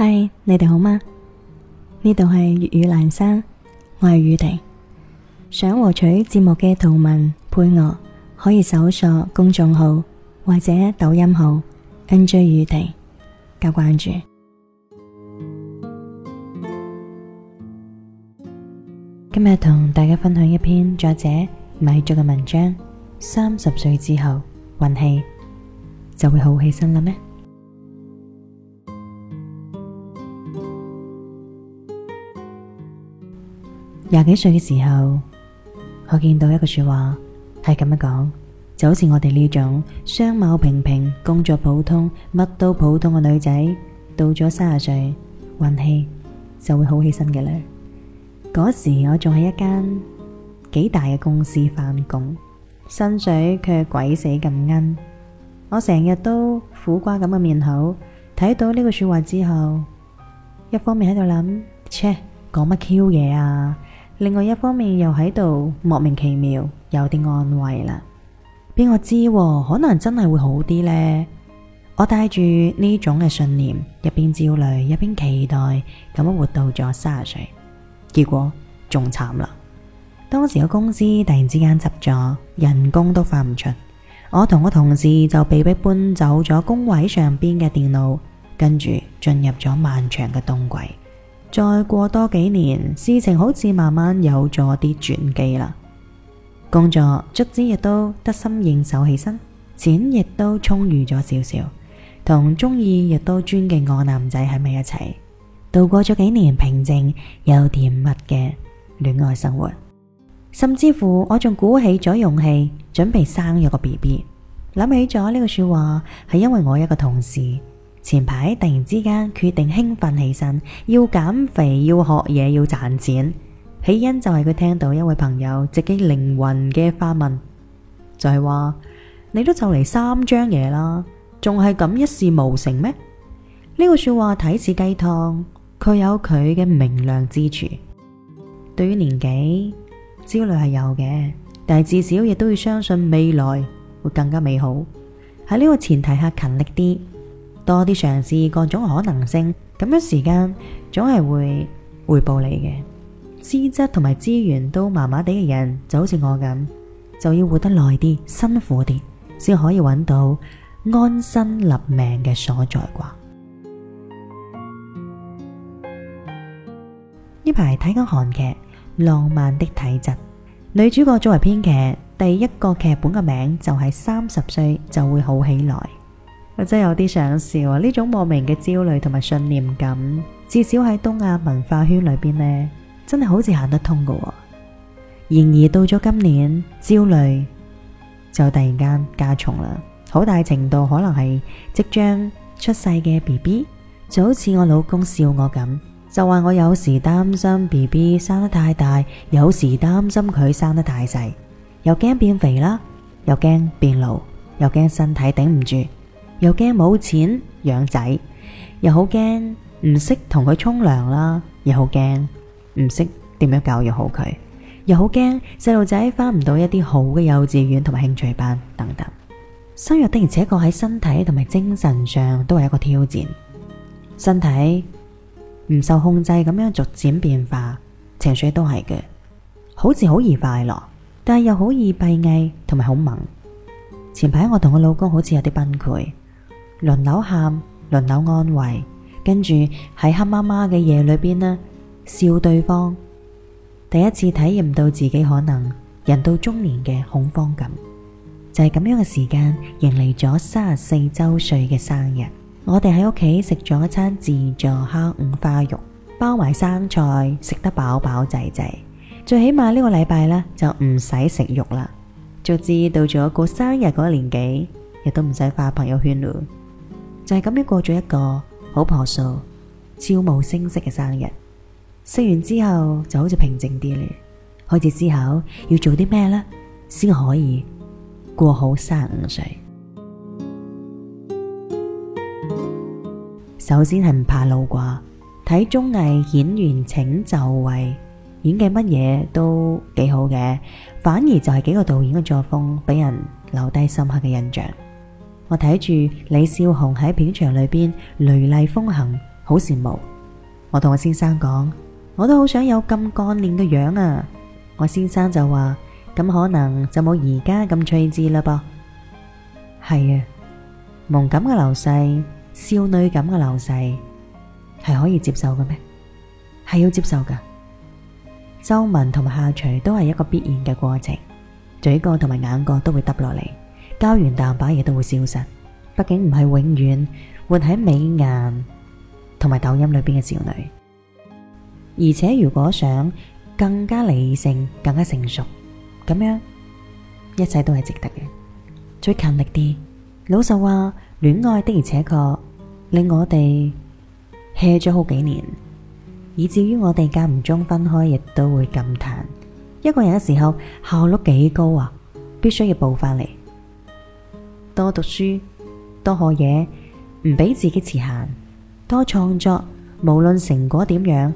嗨，你哋好嗎？呢度係粵語蘭生，我係宇婷。想獲取節目嘅圖文配樂，可以搜索公眾號或者抖音號 NJ 宇婷加關注。今日同大家分享一篇作者米粥嘅文章：三十歲之後運氣就會好起身啦咩？廿幾歲嘅時候，我見到一個說話係咁樣講，就好似我哋呢種相貌平平、工作普通、乜都普通嘅女仔，到咗三十歲，運氣就會好起身嘅啦。嗰時我仲喺一間幾大嘅公司返工，薪水卻鬼死咁奀，我成日都苦瓜咁嘅面口。睇到呢個說話之後，一方面喺度諗，切講乜 Q 嘢啊？另外一方面又喺度莫名其妙有啲安慰啦，邊個知，可能真係會好啲呢。我帶住呢種嘅信念，一邊焦慮，一邊期待，咁樣活到咗三十歲，結果仲慘啦。當時個公司突然之間執咗，人工都發唔出，我同我同事就被迫搬走咗工位上邊嘅電腦，跟住進入咗漫長嘅冬季。再過多幾年，事情好似慢慢有咗啲轉機啦。工作卒之亦都得心應手起身，錢亦都充裕咗少少，同中意亦都尊敬嘅我男仔喺埋一齊，度過咗幾年平靜又甜蜜嘅戀愛生活。甚至乎，我仲鼓起咗勇氣，準備生有個 BB。諗起咗呢個說話，係因為我一個同事。前排突然之間決定興奮起身，要減肥，要學嘢，要賺錢。起因就係佢聽到一位朋友直擊靈魂嘅發問，就係話：你都就嚟三張嘢啦，仲係咁一事無成咩？呢個說話睇似雞湯，佢有佢嘅明亮之處。對於年紀，焦慮係有嘅，但係至少亦都要相信未來會更加美好。喺呢個前提下，勤力啲。多啲嘗試各種可能性，咁樣時間總係會回報你嘅。資質同埋資源都麻麻地嘅人就好似我咁，就要活得耐啲，辛苦啲，先可以搵到安身立命嘅所在啩。呢排睇緊韓劇《浪漫的體質》，女主角作為編劇，第一個劇本嘅名就係三十歲就會好起來。我真係有啲想笑啊！呢種莫名嘅焦慮同埋信念感，至少喺東亞文化圈裏邊呢，真係好似行得通嘅。然而到咗今年，焦慮就突然間加重啦。好大程度可能係即將出世嘅 B B 就好似我老公笑我咁，就話我有時擔心 B B 生得太大，有時擔心佢生得太細，又驚變肥啦，又驚變老，又驚身體頂唔住。又驚冇錢養仔，又好驚唔識同佢沖涼啦，又好驚唔識點樣教育好佢，又好驚細路仔返唔到一啲好嘅幼稚園同埋興趣班等等。生育的而且確喺身體同埋精神上都係一個挑戰，身體唔受控制咁樣逐漸變化，情緒都係嘅，好似好易快樂，但係又好易閉翳同埋好嬲。前排我同我老公好似有啲崩潰。輪流喊，輪流安慰，跟住喺黑媽媽嘅夜裏邊嘲笑對方。第一次體驗到自己可能人到中年嘅恐慌感，就係咁樣嘅時間，迎嚟咗三十四周歲嘅生日。我哋喺屋企食咗一餐自助烤五花肉，包埋生菜，食得飽飽滯滯。最起碼呢個禮拜呢，就唔使食肉啦。直至到咗過生日嗰個年紀，亦都唔使發朋友圈咯。就係咁樣過咗一個好朴素、悄無聲息嘅生日。食完之後就好似平靜啲咧。開始思考要做啲咩咧，先可以過好三十五歲。 首先係唔怕老啩，睇綜藝演員請就位，演嘅乜嘢都幾好嘅，反而就係幾個導演嘅作風俾人留低深刻嘅印象。我睇住李少紅喺片場裏邊雷厲風行，好羨慕。我同我先生講，我都好想有咁幹練嘅樣啊！我先生就話：咁可能就冇而家咁趣致啦噃。係啊，萌感嘅流逝，少女感嘅流逝，係可以接受嘅咩？係要接受噶。皺紋同埋下垂都係一個必然嘅過程，嘴角同埋眼角都會耷落嚟。膠原蛋白亦都會消失，畢竟唔係永遠活喺美顏同埋抖音裏邊嘅少女。而且如果想更加理性、更加成熟，咁樣一切都係值得嘅。再勤力啲。老實話，戀愛的而且確令我哋吃咗好幾年，以至於我哋間唔中分開，亦都會感嘆，一個人嘅時候，效率幾高啊！必須要補翻嚟。多讀書，多學嘢，唔俾自己設限；多創作，無論成果點樣，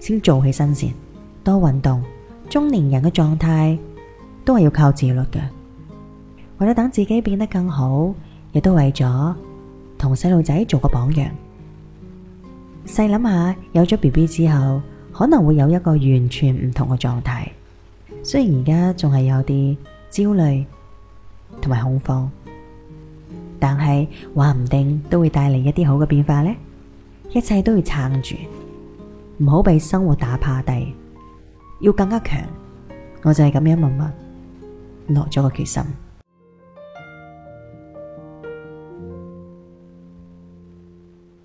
先做起身先。多運動，中年人嘅狀態都係要靠自律嘅。為咗等自己變得更好，亦都為咗同細路仔做個榜樣。細諗下，有咗 BB 之後，可能會有一個完全唔同嘅狀態。雖然而家仲係有啲焦慮同埋恐慌。但係話唔定都會帶嚟一啲好嘅變化呢，一切都要撐住，唔好俾生活打趴低。要更加強，我就係咁樣默默落咗個決心。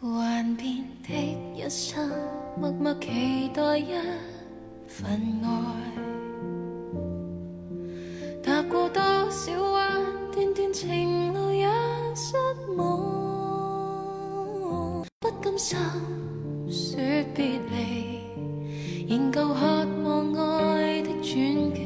幻變的一生，默默期待一份愛仍舊渴望愛的傳奇。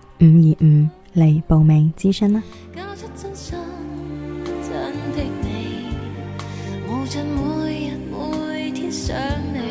五二五嚟報名咨詢啦！交出真心，真的你。你。無盡每日每天想你。